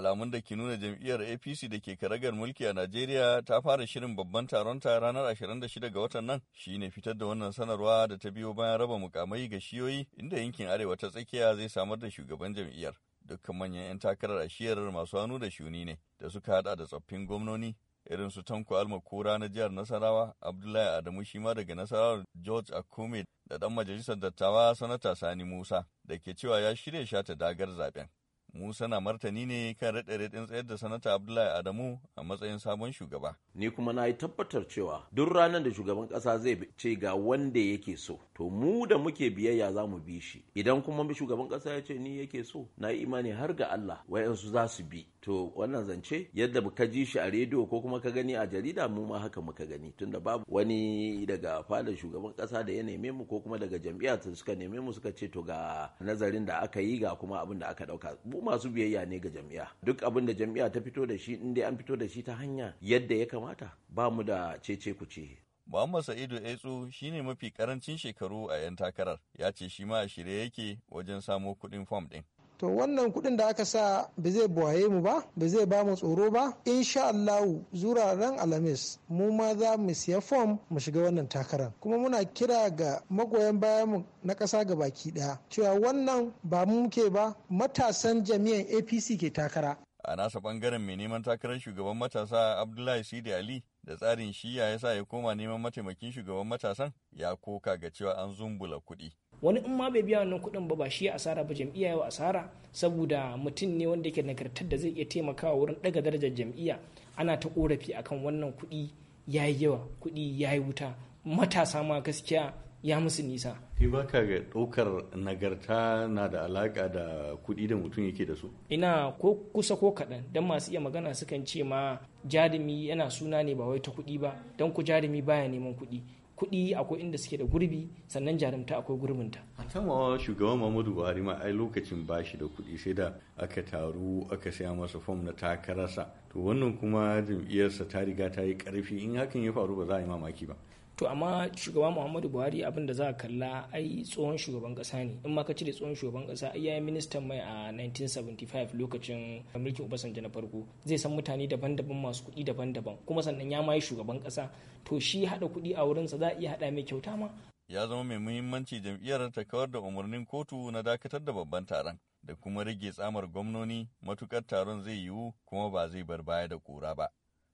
alamun da ke nuna jam'iyyar APC da ke karagar mulki a Najeriya ta fara shirin babban taron ta ranar 26 ga watan nan shine fitar da wannan sanarwa da ta biyo bayan raba mukamai ga shiyoyi inda yankin arewa ta tsakiya zai samar da shugaban jam'iyyar. Dukkan manyan 'yan takarar a masu hannu da shuni ne da suka hada da tsoffin gwamnoni irin su Tanko Almakura na jihar Nasarawa, Abdullahi Adamu Shima daga Nasarawar George Akume da ɗan majalisar dattawa Sanata Sani Musa da ke cewa ya shirya shata dagar zaben. Musa na martani ne kan rade raɗin tsayar da sanata Abdullahi Adamu a matsayin sabon shugaba. Ni kuma na yi tabbatar cewa duk ranar da shugaban kasa zai ce ga wanda yake so, to mu da muke biyayya za mu bi shi. Idan kuma shugaban kasa ya ce ni yake so, na yi imani har ga Allah wayansu za su bi. To wannan zance yadda ka ji shi a rediyo ko kuma ka gani a jarida mu ma haka muka gani tunda babu wani daga fadar shugaban kasa da ya neme mu ko kuma daga jam'iyyar suka neme mu suka ce to ga nazarin da aka yi ga kuma abin da aka ɗauka. masu biyayya ne ga jam'iyya duk abin da jam'iyya ta fito da shi in dai an fito da shi ta hanya yadda ya kamata ba mu da cece ce. Muhammad Sa'idu Etsu shine mafi karancin shekaru a 'yan takarar, ya ce shi ma shirye yake wajen samo kuɗin fom ɗin. to wannan kuɗin da aka sa ba zai buwaye mu ba ba zai ba mu tsoro ba insha Allah zura ran alhamis mu ma za mu siya fom mu shiga wannan takarar kuma muna kira ga magoyan bayan mu na ƙasa ga baki ɗaya cewa wannan ba mu muke ba matasan jami'an APC ke takara a nasa bangaren mai neman takarar shugaban matasa abdullahi sidi ali da tsarin shiya ya sa ya koma neman mataimakin shugaban matasan ya koka ga cewa an zumbula kuɗi wani in ma bai biya wannan kuɗin ba ba shi ya asara ba jam'iyya ya asara saboda mutum ne wanda yake nagartar da zai iya taimakawa wurin ɗaga darajar jam'iyya ana ta korafi akan wannan kuɗi ya yi yawa kuɗi ya yi wuta matasa ma gaskiya ya musu nisa. Kai ba ka ga ɗaukar nagarta na da alaƙa da kuɗi da mutum yake da su? Ina ko kusa ko kaɗan don masu iya magana sukan ce ma jarumi yana suna ne ba wai ta kuɗi ba don ku jarumi baya neman kuɗi. kuɗi akwai inda suke da gurbi sannan jarumta akwai gurbinta tamawa shugaban muhammadu buhari ma ai lokacin bashi da kuɗi sai da aka taru aka saya masa fom na takararsa to wannan kuma jam'iyyarsa ta riga ta yi karfi in hakan ya faru ba za a yi mamaki ba to amma shugaban muhammadu buhari abin da za a kalla ai tsohon shugaban kasa ne in ma ka cire tsohon shugaban kasa ai yayi ministan mai a 1975 lokacin mulkin obasanjo na farko zai san mutane daban-daban masu kuɗi daban-daban kuma sannan ya ma shugaban kasa to shi hada kuɗi a wurinsa za a iya hada mai kyauta ma ya zama mai muhimmanci jam'iyyar ta kawar da umarnin kotu na dakatar da babban taron da kuma rage tsamar gwamnoni matukar taron zai yiwu kuma ba zai bar baya da kura ba.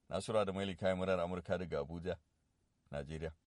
Nasura da Maili kayan murar Amurka daga Abuja, Najeriya.